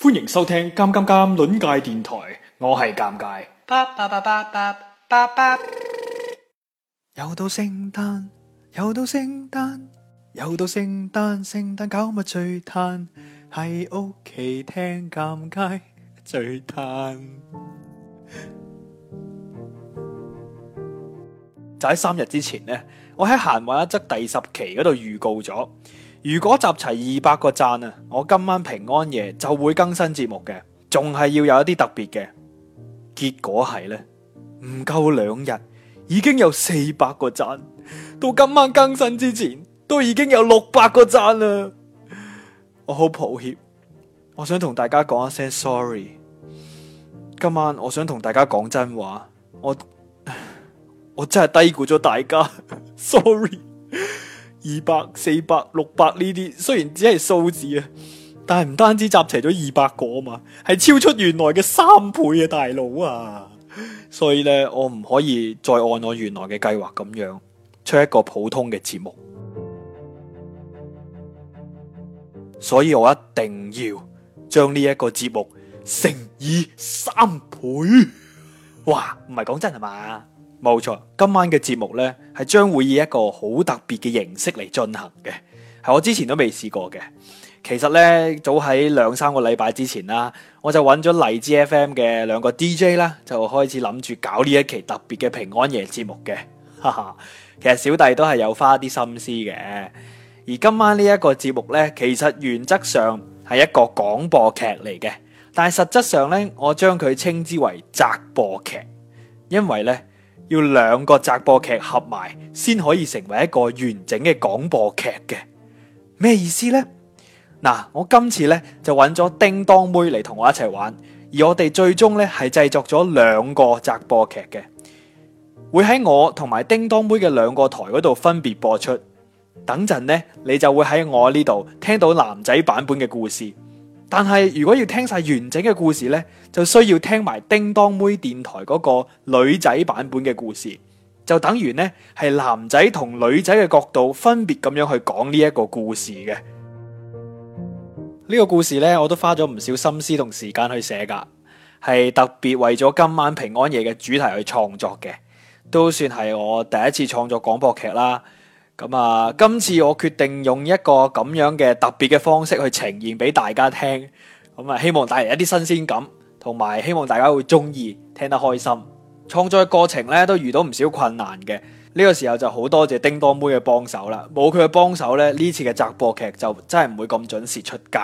歡迎收聽《尷尷尷》尷界電台，我係尷尬。又到聖誕，又到聖誕，又到聖誕，聖誕搞乜醉嘆？喺屋企聽尷尬醉嘆。 就喺三日之前呢，我喺閒話一則第十期嗰度預告咗。如果集齊二百個讚啊，我今晚平安夜就會更新節目嘅，仲係要有一啲特別嘅。結果係呢，唔夠兩日，已經有四百個讚，到今晚更新之前都已經有六百個讚啦。我好抱歉，我想同大家講一聲 sorry。今晚我想同大家講真話，我我真係低估咗大家 ，sorry。二百、四百、六百呢啲，雖然只係數字啊，但係唔單止集齊咗二百個啊嘛，係超出原來嘅三倍啊，大佬啊！所以咧，我唔可以再按我原來嘅計劃咁樣出一個普通嘅節目，所以我一定要將呢一個節目乘以三倍。哇，唔係講真係嘛？冇錯，今晚嘅節目咧係將會以一個好特別嘅形式嚟進行嘅，係我之前都未試過嘅。其實咧，早喺兩三個禮拜之前啦，我就揾咗荔枝 F.M. 嘅兩個 D.J. 啦，就開始諗住搞呢一期特別嘅平安夜節目嘅。哈哈，其實小弟都係有花啲心思嘅。而今晚呢一個節目咧，其實原則上係一個廣播劇嚟嘅，但係實質上咧，我將佢稱之為窄播劇，因為咧，要兩個窄播劇合埋先可以成為一個完整嘅廣播劇嘅，咩意思呢？嗱、啊，我今次咧就揾咗叮當妹嚟同我一齊玩，而我哋最終咧係製作咗兩個窄播劇嘅，會喺我同埋叮當妹嘅兩個台嗰度分別播出。等陣咧，你就會喺我呢度聽到男仔版本嘅故事。但係如果要聽晒完整嘅故事咧，就需要聽埋叮當妹電台嗰個女仔版本嘅故事，就等於咧係男仔同女仔嘅角度分別咁樣去講呢一個故事嘅。呢 個故事咧，我都花咗唔少心思同時間去寫㗎，係特別為咗今晚平安夜嘅主題去創作嘅，都算係我第一次創作廣播劇啦。咁啊，今次我決定用一個咁樣嘅特別嘅方式去呈現俾大家聽，咁啊，希望帶嚟一啲新鮮感，同埋希望大家會中意，聽得開心。創作嘅過程咧都遇到唔少困難嘅，呢、這個時候就好多謝叮噹妹嘅幫手啦，冇佢嘅幫手咧，呢次嘅窄播劇就真係唔會咁準時出街。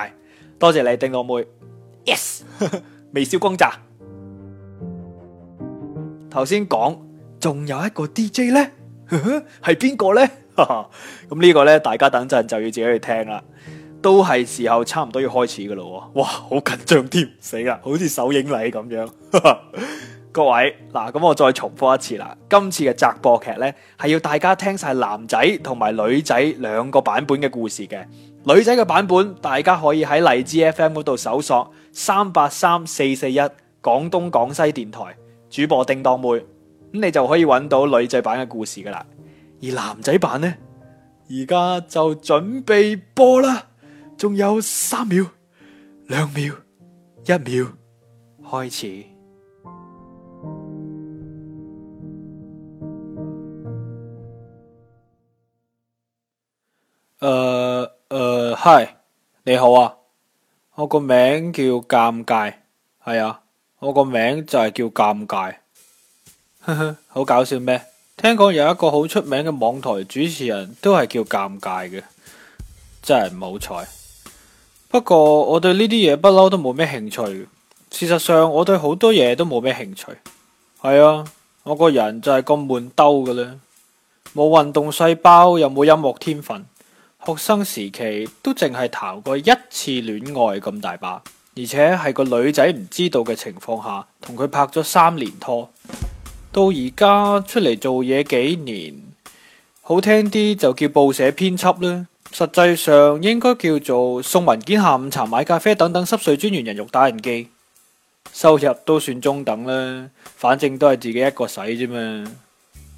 多謝你，叮噹妹。Yes， 微笑光炸。頭先講，仲有一個 DJ 咧，係邊個呢？ 哈哈，咁 呢個咧，大家等陣就要自己去聽啦，都係時候差唔多要開始噶啦，哇，好緊張添，死啦，好似首映禮咁樣。 各位嗱，咁我再重複一次啦，今次嘅窄播劇咧，係要大家聽晒男仔同埋女仔兩個版本嘅故事嘅。女仔嘅版本，大家可以喺荔枝 FM 嗰度搜索三八三四四一講東講西電台主播叮當妹，咁你就可以揾到女仔版嘅故事噶啦。而男仔版呢？而家就準備播啦，仲有三秒、兩秒、一秒，開始。誒誒，嗨，你好啊！我個名叫尷尬，係啊，我個名就係叫尷尬，呵呵，好搞笑咩？聽講有一個好出名嘅網台主持人，都係叫尷尬嘅，真係唔好彩。不過我對呢啲嘢不嬲都冇咩興趣。事實上我對好多嘢都冇咩興趣。係啊，我個人就係咁悶兜嘅啦，冇運動細胞又冇音樂天分，學生時期都淨係談過一次戀愛咁大把，而且係個女仔唔知道嘅情況下同佢拍咗三年拖。到而家出嚟做嘢幾年，好聽啲就叫報社編輯啦，實際上應該叫做送文件、下午茶、買咖啡等等濕碎專員人肉打印機，收入都算中等啦，反正都係自己一個使啫嘛。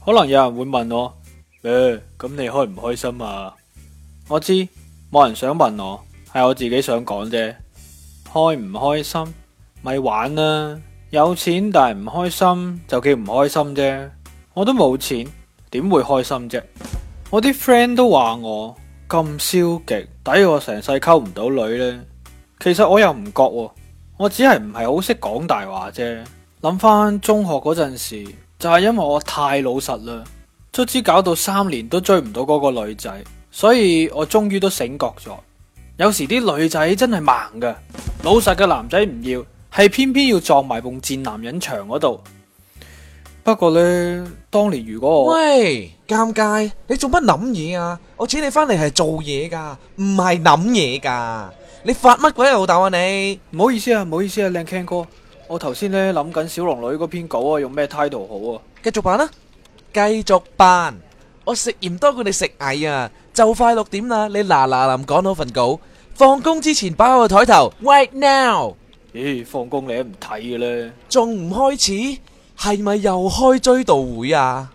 可能有人會問我，欸，咁你開唔開心啊？我知冇人想問我，係我自己想講啫，開唔開心咪玩啦。有錢但係唔開心就叫唔開心啫，我都冇錢，點會開心啫？我啲 friend 都話我咁消極，抵我成世溝唔到女呢？其實我又唔覺，我只係唔係好識講大話啫。諗翻中學嗰陣時，就係因為我太老實啦，卒之搞到三年都追唔到嗰個女仔，所以我終於都醒覺咗。有時啲女仔真係盲噶，老實嘅男仔唔要。係偏偏要撞埋部賤男人牆嗰度。不過咧，當年如果喂尷尬，你做乜諗嘢啊？我請你翻嚟係做嘢噶，唔係諗嘢噶。你發乜鬼老豆啊？你唔好意思啊，唔好意思啊，靚 Ken 哥。我頭先咧諗緊小龍女嗰篇稿啊，用咩態度好啊？繼續扮啦，繼續扮。我食鹽多過你食蟻啊！就快六點啦，你嗱嗱臨講好份稿，放工之前擺我個台頭。Right now。放工、哎，你都唔睇嘅咧，仲唔開始？係咪又開追悼會啊？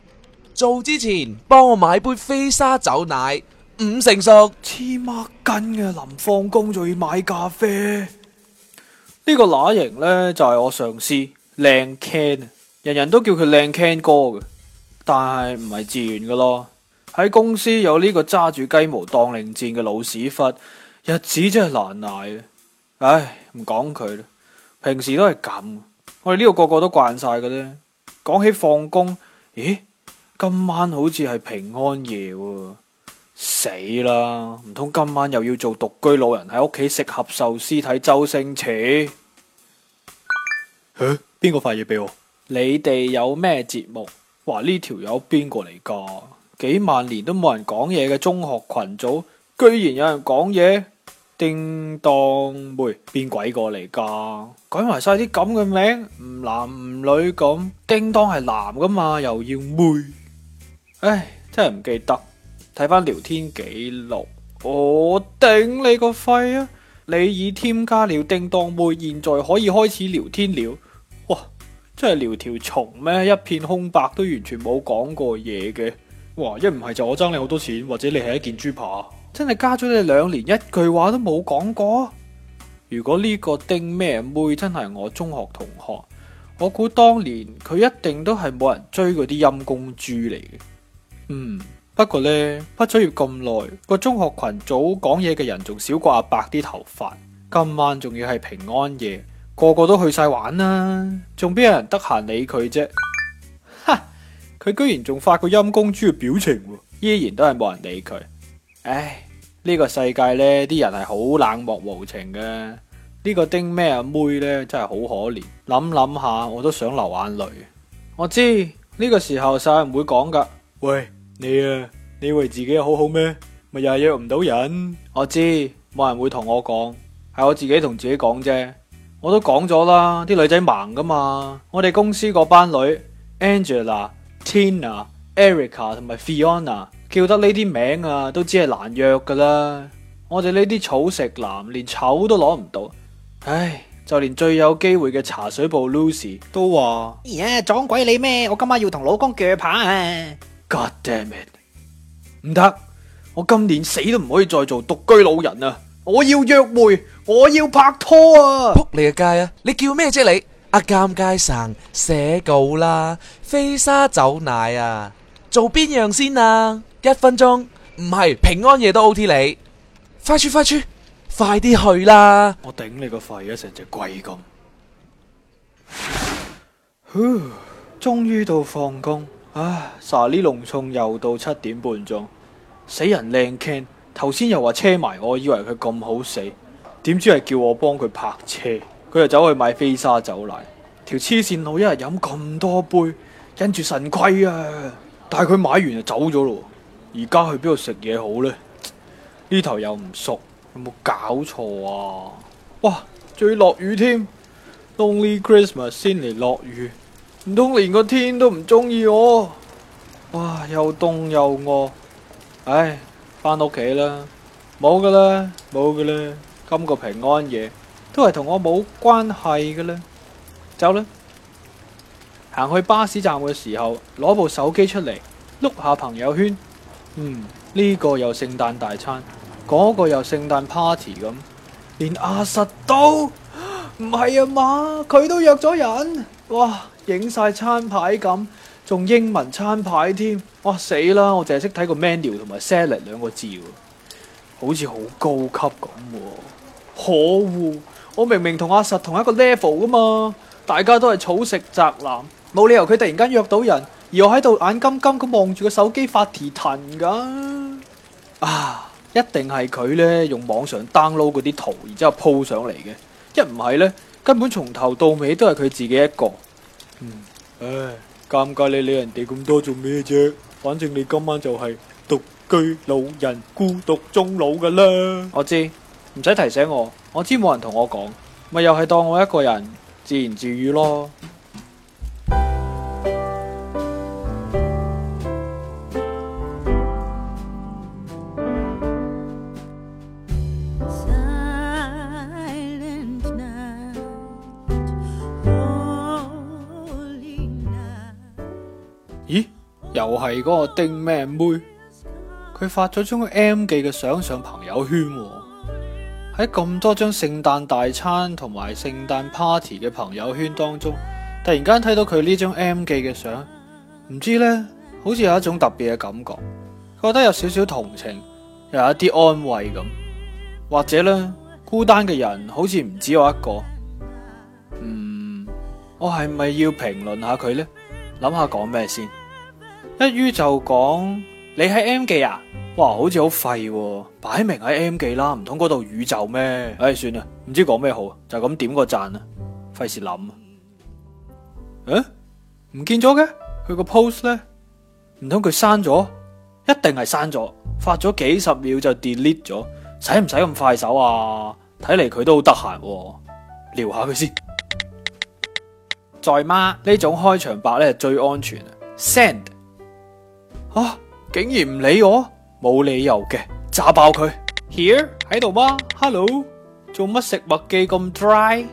做之前幫我買杯飛砂酒奶，五成熟，黐孖筋嘅。臨放工就要買咖啡。呢個乸型呢，就係、是、我上司，靚 Ken，an 人人都叫佢靚 Ken 哥嘅，但係唔係自願噶咯。喺公司有呢個揸住雞毛當令箭嘅老屎忽，日子真係難挨唉，唔講佢啦。平時都係咁，我哋呢個個個都慣晒嘅咧。講起放工，咦？今晚好似係平安夜喎，啊，死啦！唔通今晚又要做獨居老人喺屋企食合壽司睇周星馳？誒，邊個發嘢俾我？你哋有咩節目？哇！呢條友邊個嚟噶？幾萬年都冇人講嘢嘅中學群組，居然有人講嘢！叮噹妹，邊、欸、鬼個嚟噶？改埋晒啲咁嘅名，唔男唔女咁，叮噹係男噶嘛，又要妹，唉，真係唔記得。睇翻聊天記錄，我頂你個肺啊！你已添加了叮噹妹，現在可以開始聊天了。哇，真係聊條蟲咩？一片空白都完全冇講過嘢嘅。哇，一唔係就我爭你好多錢，或者你係一件豬扒。真係加咗你兩年，一句話都冇講過。如果呢個丁咩妹真係我中學同學，我估當年佢一定都係冇人追嗰啲陰公豬嚟嘅。嗯，不過呢，畢咗業咁耐，個中學群組講嘢嘅人仲少過阿伯啲頭髮。今晚仲要係平安夜，個個都去晒玩啦，仲邊有人得閒理佢啫？哈，佢居然仲發個陰公豬嘅表情，依然都係冇人理佢。唉，呢個世界呢啲人係好冷漠無情嘅。呢個丁咩阿妹呢，真係好可憐。諗諗下，我都想流眼淚。我知呢個時候，冇人會講噶。喂，你啊，你以為自己好好咩？咪又係約唔到人。我知冇人會同我講，係我自己同自己講啫。我都講咗啦，啲女仔盲噶嘛。我哋公司嗰班女，Angela、Tina、Erica 同埋 Fiona。叫得呢啲名啊，都只係難約噶啦。我哋呢啲草食男連丑都攞唔到，唉，就連最有機會嘅茶水部 Lucy 都話：咦呀，撞鬼你咩？我今晚要同老公鋸扒。God damn it！唔得，我今年死都唔可以再做獨居老人啊！我要約會，我要拍拖啊！扑你嘅街啊！你叫咩啫你？阿監街上寫稿啦，飛沙走奶啊，做邊樣先啊？一分鐘唔係平安夜都 O T 你，快出快出，快啲去啦！我頂你個肺啊，成隻鬼咁。呼、 呃，終於到放工，啊！查呢籠重又到七點半鐘，死人靚 can，頭先又話車埋我，以為佢咁好死，點知係叫我幫佢泊車，佢又走去買飛沙走奶，條黐線佬一日飲咁多杯，忍住腎虧啊！但係佢買完就走咗咯。而家去邊度食嘢好呢？呢頭又唔熟，有冇搞錯啊？哇！仲要落雨添，Lonely Christmas 先嚟落雨，唔通連個天都唔中意我？哇！又凍又餓，唉，翻屋企啦，冇噶啦，冇噶啦，今個平安夜都係同我冇關係噶啦，走啦！行去巴士站嘅時候，攞部手機出嚟碌下朋友圈。嗯，呢個又聖誕大餐，嗰個又聖誕 party 咁，連阿實都唔係啊嘛，佢都約咗人，哇，影晒餐牌咁，仲英文餐牌添，哇，死啦，我淨係識睇個 menu 同埋 salad 兩個字，好似好高級咁喎，可惡，我明明同阿實同一個 level 噶嘛，大家都係草食宅男，冇理由佢突然間約到人。而我喺度眼金金咁望住個手機發蹄騰噶，啊！一定係佢咧用網上 download 嗰啲圖，然之後鋪上嚟嘅。一唔係咧，根本從頭到尾都係佢自己一個。嗯，唉，尷尬。你理人哋咁多做咩啫？反正你今晚就係獨居老人，孤獨終老噶啦。我知，唔使提醒我，我知冇人同我講，咪又係當我一個人自言自語咯。又係嗰個丁咩妹，佢發咗張 M 記嘅相上朋友圈啊，喺咁多張聖誕大餐同埋聖誕 party 嘅朋友圈當中，突然間睇到佢呢張 M 記嘅相，唔知呢，好似有一種特別嘅感覺，覺得有少少同情，又有一啲安慰咁，或者呢，孤單嘅人好似唔止我一個，嗯，我係咪要評論下佢呢？諗下講咩先？一於就講你喺 M 記啊，哇，好似好廢喎、啊。擺明喺 M 記啦，唔通嗰度宇宙咩？唉、哎，算啦，唔知講咩好，就咁點個讚啊。費事諗。誒、欸，唔見咗嘅佢個 post 呢？唔通佢刪咗？一定係刪咗，發咗幾十秒就 delete 咗，使唔使咁快手啊？睇嚟佢都好得閒喎，聊下佢先。在嗎媽？呢種開場白呢，最安全啊，send。啊，竟然唔理我？冇理由嘅！炸爆佢！Here! 喺度嗎？Hello! 做乜食麥記咁 dry?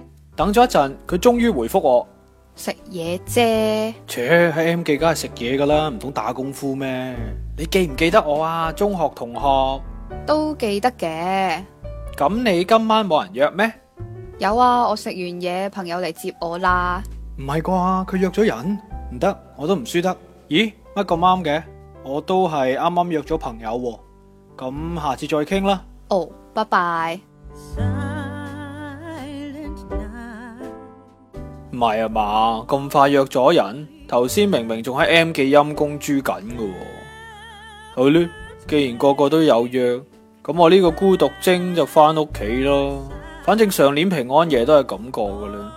我都係啱啱約咗朋友，咁下次再傾啦。哦，拜拜。唔係啊嘛，咁快約咗人？頭先明明仲喺 M 記陰公豬緊噶。好啦，既然個個都有約，咁我呢個孤獨精就翻屋企咯。反正上年平安夜都係咁過噶啦。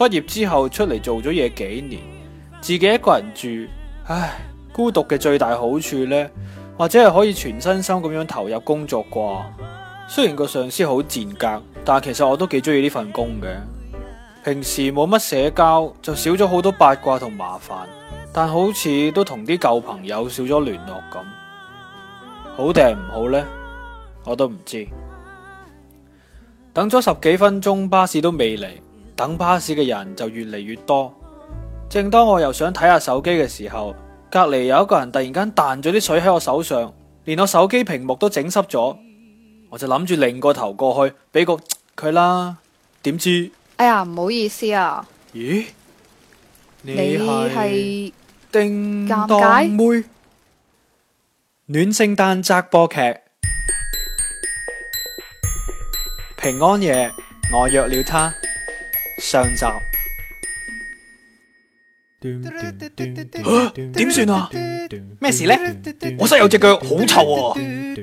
畢業之後出嚟做咗嘢幾年，自己一個人住，唉。孤獨嘅最大好處呢，或者係可以全身心咁樣投入工作啩。雖然個上司好賤格，但其實我都幾中意呢份工嘅。平時冇乜社交，就少咗好多八卦同麻煩，但好似都同啲舊朋友少咗聯絡咁，好定係唔好呢？我都唔知。等咗十幾分鐘，巴士都未嚟，等巴士嘅人就越嚟越多。正當我又想睇下手機嘅時候，隔籬有一個人突然間彈咗啲水喺我手上，連我手機屏幕都整濕咗。我就諗住擰個頭過去畀個佢啦，點知？哎呀，唔好意思啊。咦？你係是叮當妹？暖聖誕窄播劇，平安夜我約了她。上集。點算啊？咩事呢？我室友隻腳好臭、啊、哦。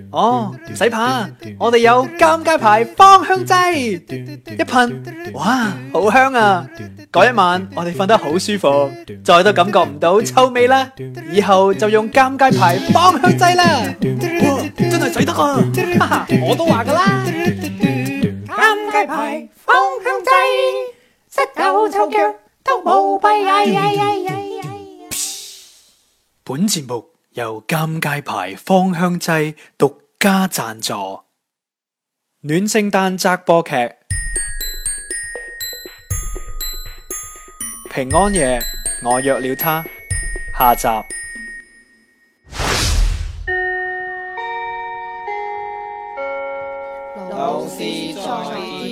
哦，唔使怕，我哋有尷尬牌芳香劑，一噴，哇，好香啊！嗰一晚我哋瞓得好舒服，再都感覺唔到臭味啦。以後就用尷尬牌芳香劑、哦、 啦。哇，真係使得啊！我都話噶啦，尷尬牌芳香劑，室友臭腳。本節目由尷尬牌芳香劑獨家贊助。暖聖誕窄播劇，平安夜我約了她。下集。老師在。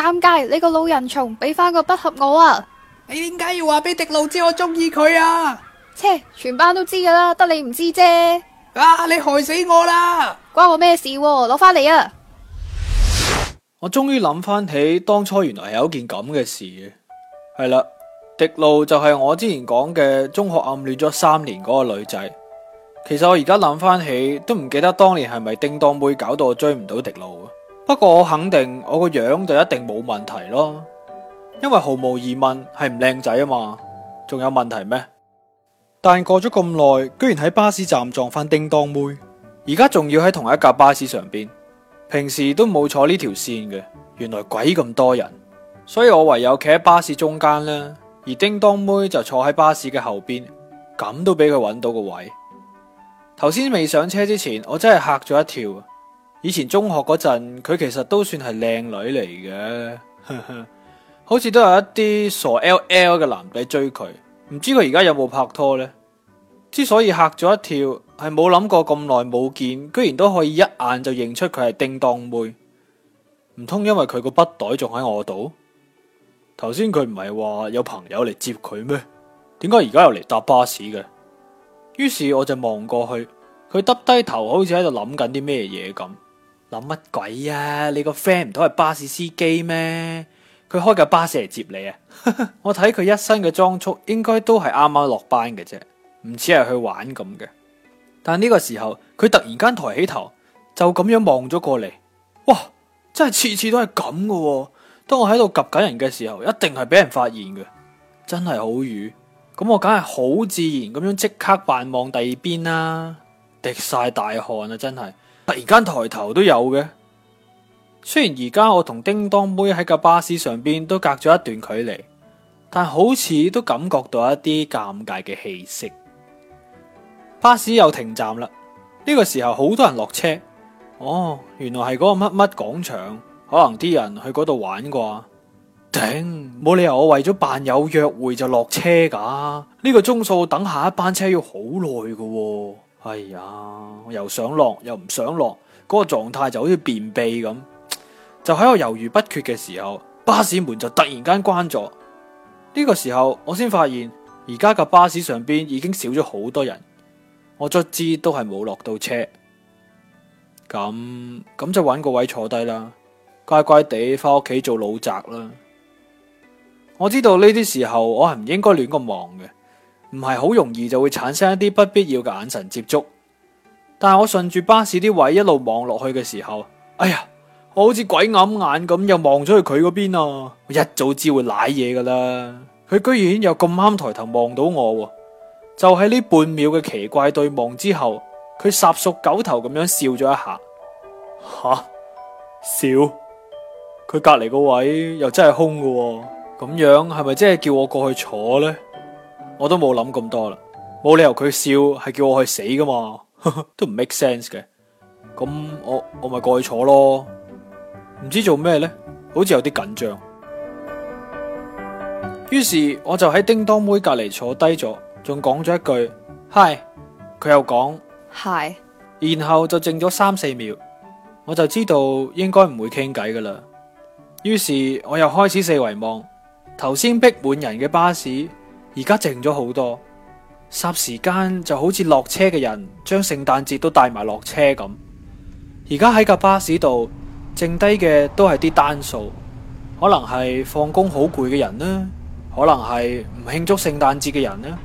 尷尬，你個老人蟲，俾翻個筆盒我啊！你點解要話俾迪路知我中意佢啊？切，全班都知㗎啦，得你唔知啫！啊，你害死我啦！關我咩事喎？攞翻嚟啊！我終於諗翻起當初，原來係有件咁嘅事嘅。係啦，迪路就係我之前講嘅中學暗戀咗三年嗰個女仔。其實我而家諗翻起，都唔記得當年係咪叮當妹搞到我追唔到迪路啊！不過我肯定我個樣就一定冇問題咯，因為毫無疑問係唔靚仔啊嘛，仲有問題咩？但過咗咁耐，居然喺巴士站撞翻叮噹妹妹，而家仲要喺同一架巴士上邊，平時都冇坐呢條線嘅。原來鬼咁多人，所以我唯有企喺巴士中間啦，而叮噹妹就坐喺巴士嘅後邊，咁都俾佢揾到個位。頭先未上車之前，我真係嚇咗一跳。以前中學嗰陣，佢其實都算係靚女嚟嘅， 好似都有一啲傻 L L 嘅男仔追佢。唔知佢而家有冇拍拖呢？之所以吓咗一跳，係冇諗過咁耐冇見，居然都可以一眼就認出佢係叮當妹。唔通因為佢個筆袋仲喺我度？頭先佢唔係話有朋友嚟接佢咩？點解而家又嚟搭巴士嘅？於是我就望過去，佢耷低頭好，好似喺度諗緊啲咩嘢咁。諗乜鬼啊！你個 friend 唔都係巴士司機咩？佢開架巴士嚟接你啊！ 我睇佢一身嘅裝束應該剛剛，應該都係啱啱落班嘅啫，唔似係去玩咁嘅。但呢個時候，佢突然間抬起頭，就咁樣望咗過嚟。哇！真係次次都係咁嘅。當我喺度及緊人嘅時候，一定係俾人發現嘅。真係好瘀。咁我梗係好自然咁樣即刻扮望第二邊啦，滴晒大汗啊！真係。突然間抬頭都有嘅，雖然而家我同叮噹妹喺架巴士上邊都隔咗一段距離，但好似都感覺到一啲尷尬嘅氣息。巴士又停站啦，呢個時候好多人落車。哦，原來係嗰個乜乜廣場，可能啲人去嗰度玩啩？頂！冇理由我為咗扮有約會就落車噶。呢個鐘數等下一班車要好耐噶喎。哎呀，我又想落又唔想落，嗰個狀態就好似便秘咁，就喺我猶豫不決嘅時候，巴士門就突然間關咗。呢個時候我先發現，而家架巴士上邊已經少咗好多人，我卒之都係冇落到車，咁咁就揾個位坐低啦，乖乖地翻屋企做老宅啦。我知道呢啲時候我係唔應該亂咁忙嘅。唔係好容易就會產生一啲不必要嘅眼神接觸，但係我順住巴士啲位一路望落去嘅時候，哎呀，我好似鬼揞眼咁又望咗去佢嗰邊啊！我一早知會瀨嘢噶啦，佢居然又咁啱抬頭望到我，啊，就喺呢半秒嘅奇怪對望之後，佢霎熟狗頭咁樣笑咗一下，吓笑，佢隔籬個位又真係空噶，啊，咁樣係咪真係叫我過去坐呢？我都冇諗咁多啦，冇理由佢笑係叫我去死噶嘛， 都唔 make sense 嘅。咁我我咪過去坐咯，唔知做咩呢？好似有啲緊張。於是我就喺叮當妹隔籬坐低咗，仲講咗一句嗨。佢又講 hi，然後就靜咗三四秒，我就知道應該唔會傾偈噶啦。於是我又開始四圍望，頭先逼滿人嘅巴士，而家靜咗好多，霎時間就好似落車嘅人，將聖誕節都帶埋落車咁。而家喺架巴士度，剩低嘅都係啲單數，可能係放工好攰嘅人啦，可能係唔慶祝聖誕節嘅人啦，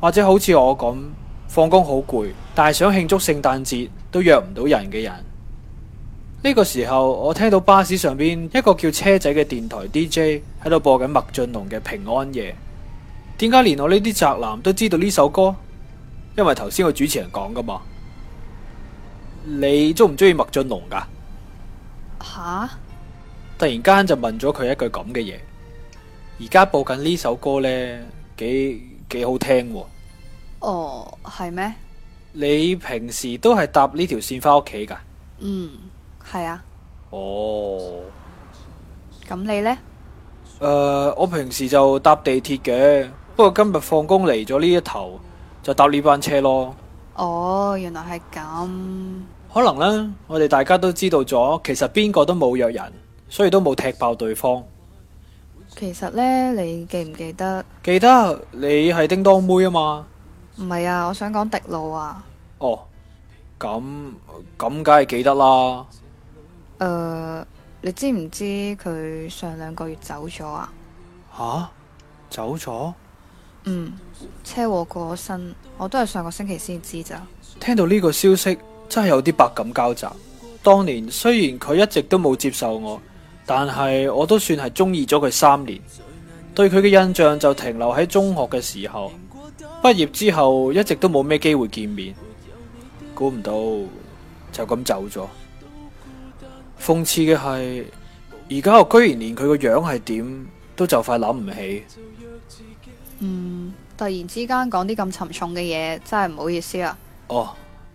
或者好似我咁放工好攰，但係想慶祝聖誕節都約唔到人嘅人。呢個時候，我聽到巴士上邊一個叫車仔嘅電台 D J 喺度播緊麥浚龍嘅《平安夜》。點解連我呢啲宅男都知道呢首歌？因為頭先個主持人講噶嘛。你鍾唔鍾意麥浚龍噶、啊？吓哈！突然間就問咗佢一句咁嘅嘢。而家播緊呢首歌呢，幾幾好聽。哦，係咩？你平時都係搭呢條線返屋企噶？嗯，係啊。哦，咁你呢？誒、呃，我平時就搭地鐵嘅。不過今日放工嚟咗呢一頭，就搭呢班車咯。哦，原來係咁。可能呢，我哋大家都知道咗，其實邊個都冇約人，所以都冇踢爆對方。其實呢，你記唔記得？記得，你係叮當妹啊嘛？唔係啊，我想講迪路啊。哦，咁咁，梗係記得啦。誒、呃，你知唔知佢上兩個月走咗啊？吓、啊，走咗？嗯，車禍過身，我都係上個星期先知咋。聽到呢個消息真係有啲百感交集。當年雖然佢一直都冇接受我，但係我都算係中意咗佢三年。對佢嘅印象就停留喺中學嘅時候，畢業之後一直都冇咩機會見面。估唔到就咁走咗。諷刺嘅係，而家我居然連佢個樣係點都就快諗唔起。嗯，突然之間講啲咁沉重嘅嘢，真係唔好意思啊。哦，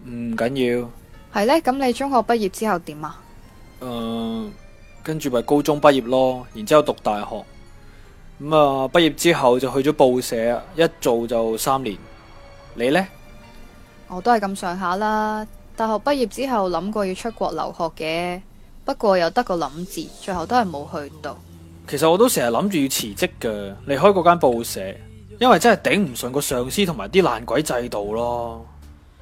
唔緊要。係呢。咁你中學畢業之後點啊？嗯，跟住咪高中畢業咯，然之後讀大學。咁、嗯、啊，畢業之後就去咗報社，一做就三年。你呢？我都係咁上下啦。大學畢業之後諗過要出國留學嘅，不過又得個諗字，最後都係冇去到。其實我都成日諗住要辭職嘅，離開嗰間報社。因為真係頂唔順個上司同埋啲爛鬼制度咯。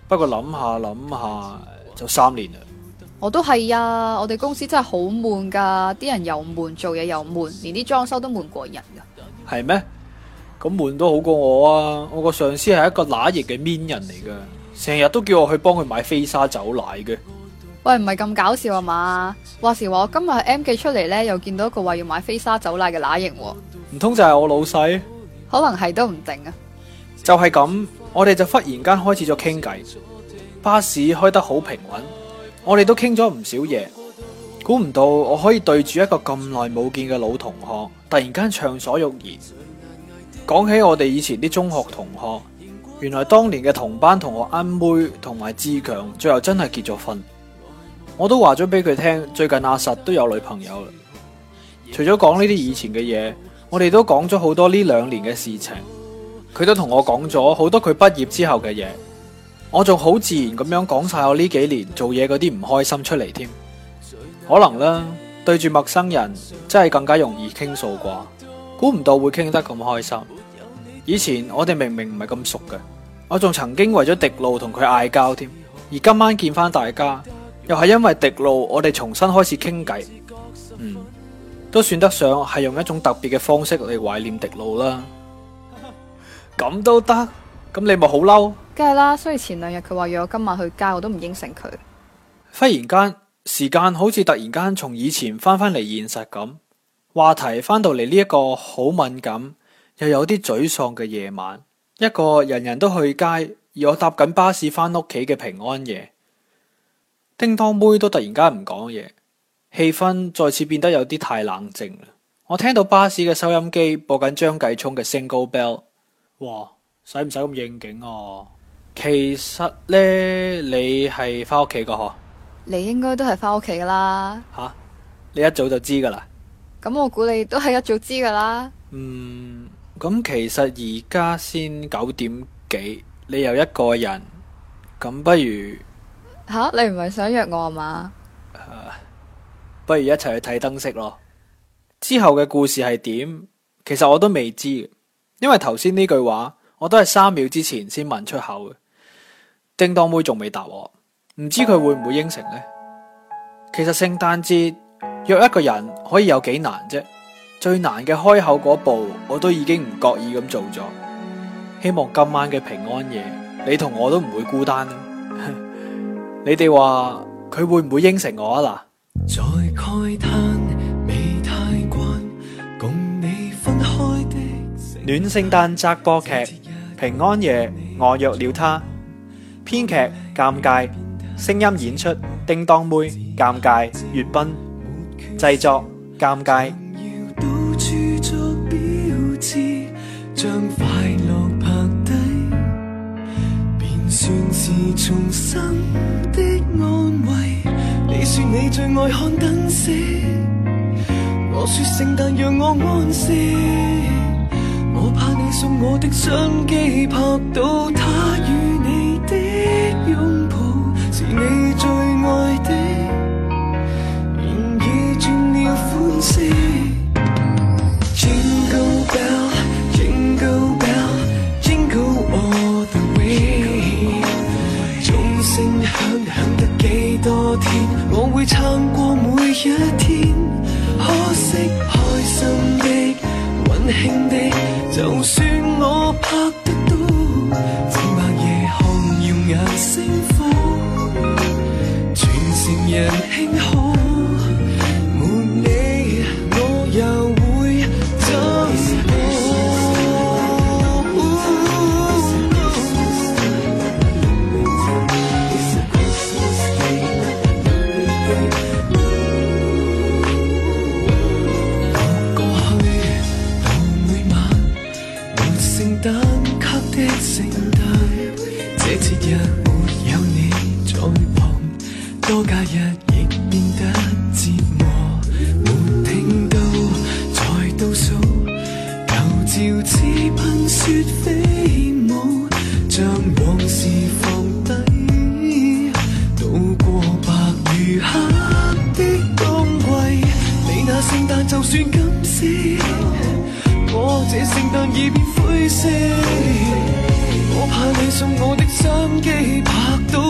不過諗下諗下，就三年啦。我都係啊，我哋公司真係好悶噶，啲人又悶，做嘢又悶，連啲裝修都悶過人噶。係咩？咁悶都好過我啊！我個上司係一個乸型嘅 mean 人嚟噶，成日都叫我去幫佢買飛沙走奶嘅。喂，唔係咁搞笑啊嘛！話時話今日 M 記出嚟呢，又見到一個話要買飛沙走奶嘅乸型。唔通就係我老細？可能係都唔定啊！就係咁，我哋就忽然間開始咗傾偈。巴士開得好平穩，我哋都傾咗唔少嘢。估唔到我可以對住一個咁耐冇見嘅老同學，突然間暢所欲言，講起我哋以前啲中學同學。原來當年嘅同班同學阿妹同埋志強，最後真係結咗婚。我都話咗俾佢聽，最近阿實都有女朋友。除咗講呢啲以前嘅嘢，我哋都講咗好多呢兩年嘅事情，佢都同我講咗好多佢畢業之後嘅嘢，我仲好自然咁樣講晒我呢幾年做嘢嗰啲唔開心出嚟添。可能啦，對住陌生人真係更加容易傾訴啩，估唔到會傾得咁開心。以前我哋明明唔係咁熟嘅，我仲曾經為咗迪路同佢嗌交添，而今晚見翻大家，又係因為迪路我哋重新開始傾偈，嗯。都算得上係用一種特別嘅方式嚟懷念迪路啦。咁都得，咁你咪好嬲？梗係啦，雖然前兩日佢話約我今晚去街，我都唔應承佢。忽然間，時間好似突然間從以前翻返嚟現實咁，話題翻到嚟呢一個好敏感又有啲沮喪嘅夜晚，一個人人都去街，而我搭緊巴士翻屋企嘅平安夜，叮當妹都突然間唔講嘢。氣氛再次變得有啲太冷靜。我聽到巴士嘅收音機播緊張繼聰嘅《Single Bell》。哇，使唔使咁應景哦、啊？其實呢，你係翻屋企個嗬？你應該都係翻屋企噶啦。吓、啊，你一早就知噶啦？咁我估你都係一早知噶啦。嗯，咁其實而家先九點幾，你又一個人，咁不如吓？你唔係想約我啊嘛？Uh, 不如一齊去睇燈飾咯。之後嘅故事係點，其實我都未知，因為頭先呢句話我都係三秒之前先問出口嘅。叮當妹仲未答我，唔知佢會唔會應承呢？其實聖誕節約一個人可以有幾難啫，最難嘅開口嗰步我都已經唔覺意咁做咗。希望今晚嘅平安夜，你同我都唔會孤單。 你哋話佢會唔會應承我啊？嗱。暖聖誕窄播劇，平安夜，我約了她。編劇尷尬，聲音演出叮噹妹，尷尬粵賓製作尷尬。說你最愛看燈飾，我說聖誕讓我安息。我怕你送我的相機拍到他與你的擁抱，是你最愛的，然而轉了歡笑。Jingle bell, jingle bell, jingle all the way。鐘聲響響得幾多天？會撐過每一天，可惜開心的、溫馨的，就算我拍得到，整晚夜看耀眼星火，全城人慶賀。聖誕就算今宵，我這聖誕已變灰色。我怕你送我的相機拍到。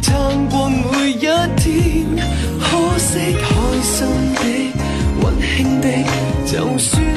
撐過每一天，可惜開心的、溫馨的，就算。